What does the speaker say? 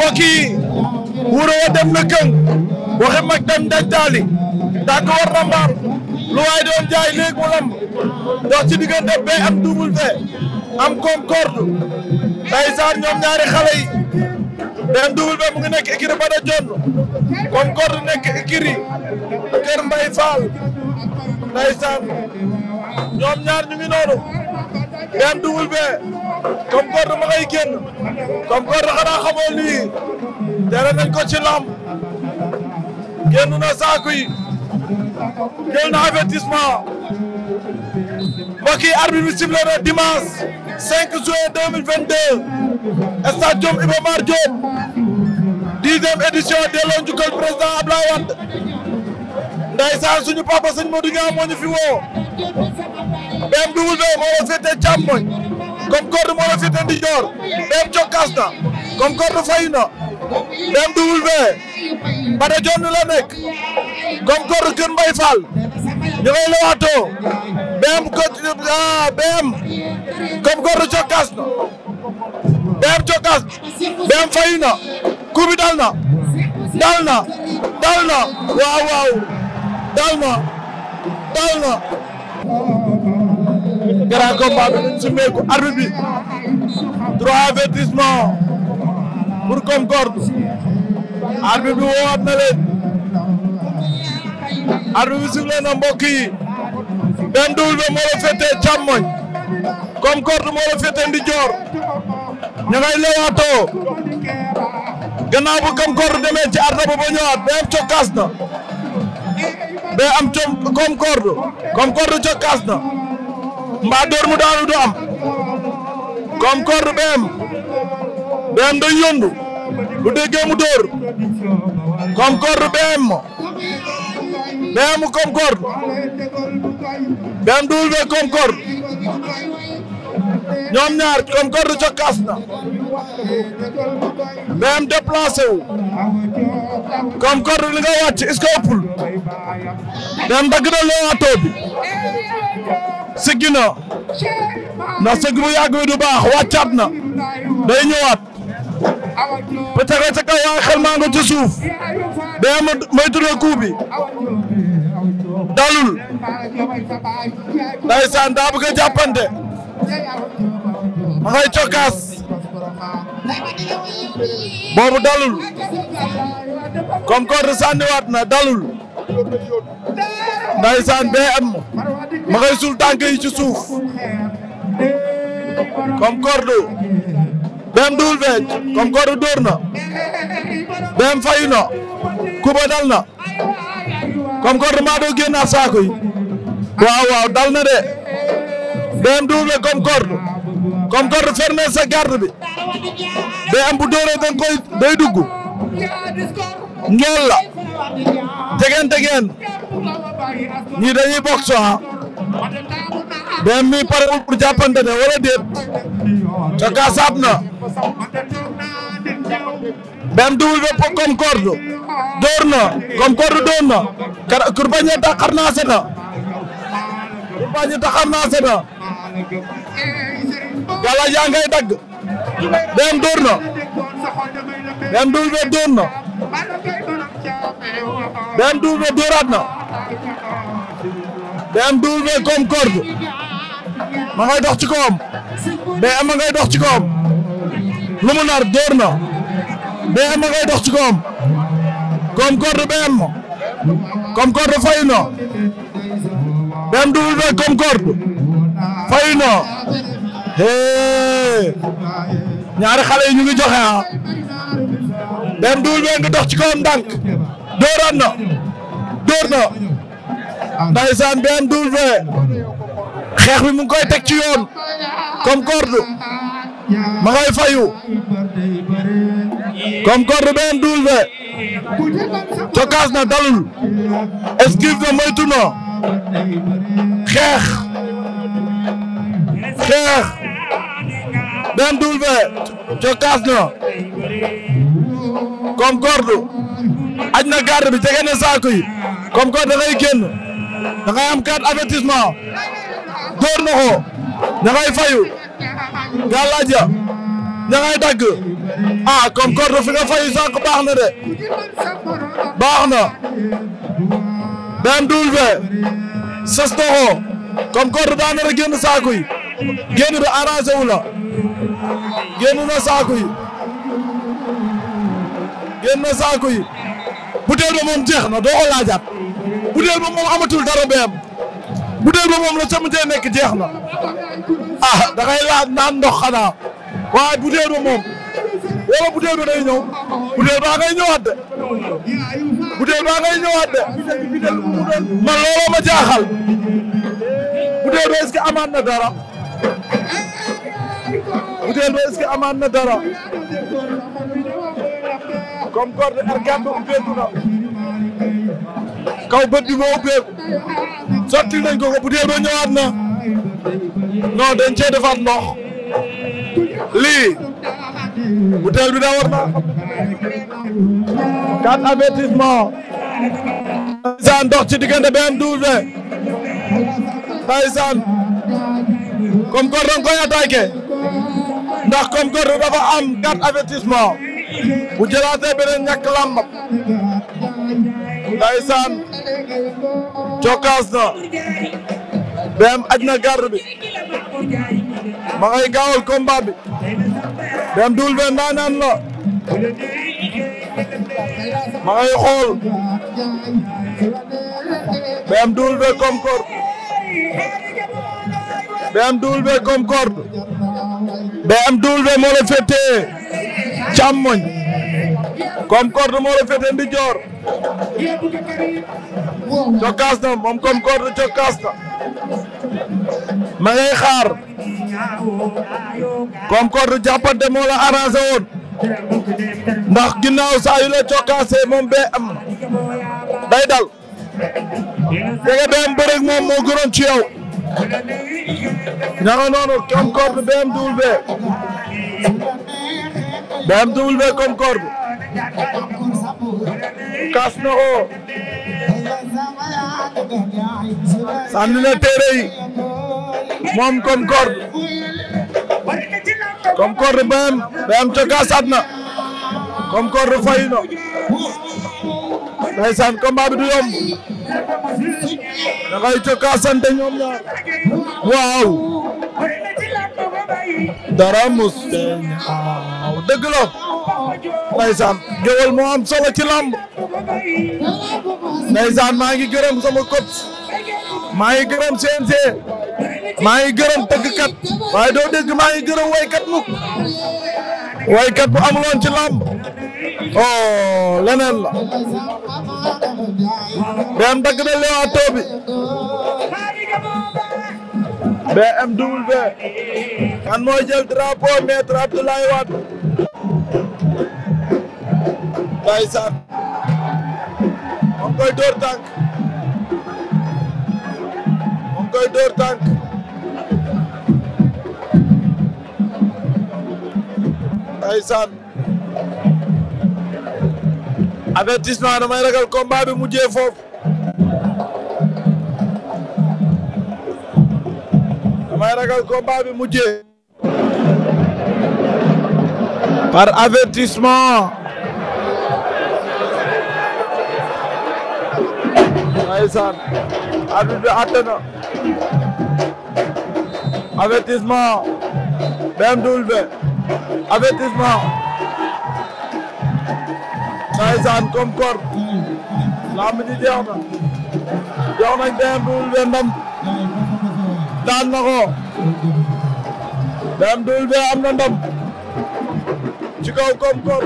mbokk yi Wuro dem na këng waxi mag dem daj taali tànk war na mbaam lu waay doon jaay léegi mu lamb dox ci diggante B am double V am concorde ndeysaan ñoom ñaari xale yi benn double mu ngi nekk écurie ba da jonn concorde nekk écurie Kër Mbay Fall ndeysaan ñoom ñaar ñu ngi noonu benn double V comme góor ma ngay génn comme góor xanaa xamoo lii tere nañ ko ci lamb génn na saako yi jël na avertissement mbokk yi arbitre bi sifflé na dimanche 5 juin 2022 stade Iba Mar Diop dixième édition delloo njukkal président Abdoulaye Wade ndeysaan suñu papa sëñ Modou Niang moo ñu fi woo BMW moo la féete càmmoñ Concorde moo la féete ndijoor Deme cokkaas na Concorde fayu na Deme double V Bada Jonn la nekk Concorde Kër Mbay Fall ñu ngay lewaatoo Deme ko ah Deme Concorde cokkaas na Deme cokkaas Deme fayu na coup bi dal na dal na dal na grand combat bi ñu sumeeku arbitre bi trois avertissement pour Concorde arbitre bi woowaat na leen arbitre bi sifflé na mbokk yi Ben Double moo la féetee càmmoñ Concorde moo la féetee ndijoor ña ngay leewaatoo gannaaw bu Concorde demee ci arda ba ba am cokkaas na ba am cokkaas na mbaa door mu daanu du am comme corde beem beem day yondu bu déggee mu door comme corde beem beem comme corde beem duul be comme corde ñoom ñaar comme corde cokkaas na beem déplacé wu comme corde li nga wàcc est-ce que ëppul beem dagg na loo atoo bi sëgg na ndax sëgg bu yàgg bi du baax wàccaat na day ñëwaat peut être ca kaw maa nga ci suuf day am moytu na coup bi dalul daa bëgg a jàppante ma ngay cokkaas boobu dalul comme corde sànniwaat na dalul ndaysaan BM ma ngay suul tànk ci suuf comme corde BM duul beej comme corde dóor na BM fayu na kuba dal na comme maa doo génnaat saako yi waaw dal na de BM duul beej comme corde comme corde sa garde bi BM bu dóoree danga koy day dugg ngeel jegeen jegeen ñii dañuy bokk so ah. dem mi parewul wala déet. Cokaas ab na. Bem double ba comme corde. door na comme corde door na. kër naa se gala yaa ngay dagg. Bem door na. Bem double ba BM double dóoraat na BM double ma ngay dox ci kawam BM ma ngay dox ci kawam lu mu nar dóor na BM ma ngay dox ci kawam comme corde BM comme corde fayu na BM double comme corde fayu hee ñaari xale yi ñu ngi joxe ah BM double ngi dox ci kawam ndànk dóoraat na dóor na ndaysaan benn double xeex bi mu ngi koy teg ci yoon comme corde ma ngay fayu comme corde benn double cokaas dalul esquive na moytu na xeex xeex benn double cokaas na comme aj na garde bi jege na saako yi comme na dangay génn dangay am carte avertissement door na ko dangay fayu gàllaaj ya dangay dagg ah comme que fi nga fayu sànq baax na de baax na BMW sës na ko comme que daa nar a génn saako yi génn bi arrangé na saako yi. butéel ba moom jeex na doo ko laajaat butéel ba moom amatul dara beem butéel ba moom la ca mujjee nekk jeex na ah da ngay laaj naan ndox xanaa waaye butéel ba moom wala butéel ba day ñëw butéel baa ngay ñëwaat de butéel baa ngay ñëwaat de ma jaaxal butéel ba est-ce que amaat na dara butéel ba est-ce que na dara. comme corde R4 ba ubbeeku bët bi nañ ko ko bu dee ba ñëwaat na non dañ cee defaat ndox lii butéel bi daa war naa quatre avertissement ndeysaan dox ci diggante BMW ndeysaan comme corde danga koy attaqué ndax comme corde dafa am quatre avertissement bu jëlaatee beneen ñàkk làmbam ndaysaan jokkaas na Béem aj na gaawal combat bi Béem Double Vé ndaanaan la ma ngay xool Béem Double Vé Concorde Béem Double Concorde moo la féete ndi joor cokkaas na moom Concorde cokkaas na ma ngay xaar Concorde jàppante moo la arrangé woon ndax ginnaaw kaas na ko sànni na téere yi moom Concorde Concorde bayam bayam cokaasaat na fay na ndeysaan combat bi du yomb da ngay cokaasante ñoom ñaar waaw dara mus ndeysaan géwél moo am solo ci lamb ndeysaan maa ngi gërëm sama coach maa ngi gërëm CNG maa ngi gërëm tëggkat waaye doo dégg maa ngi gërëm waykat mukk waykat bu amuloon ci lamb oh leneen la BM dagg na Leewtoo bi BMW kan mooy jël drapeau maître Abdoulaye Wade ndeysaan moom koy dóor tànk moom koy dóor tànk ndeysaan avertissement damay ragal combat bi mujjee foofu damay ragal combat bi mujjee par avertissement ndeysaan arbitre bi àtte na avertissement BMW avertissement ndeysaan ndam daan na am ndam ci kaw comme kor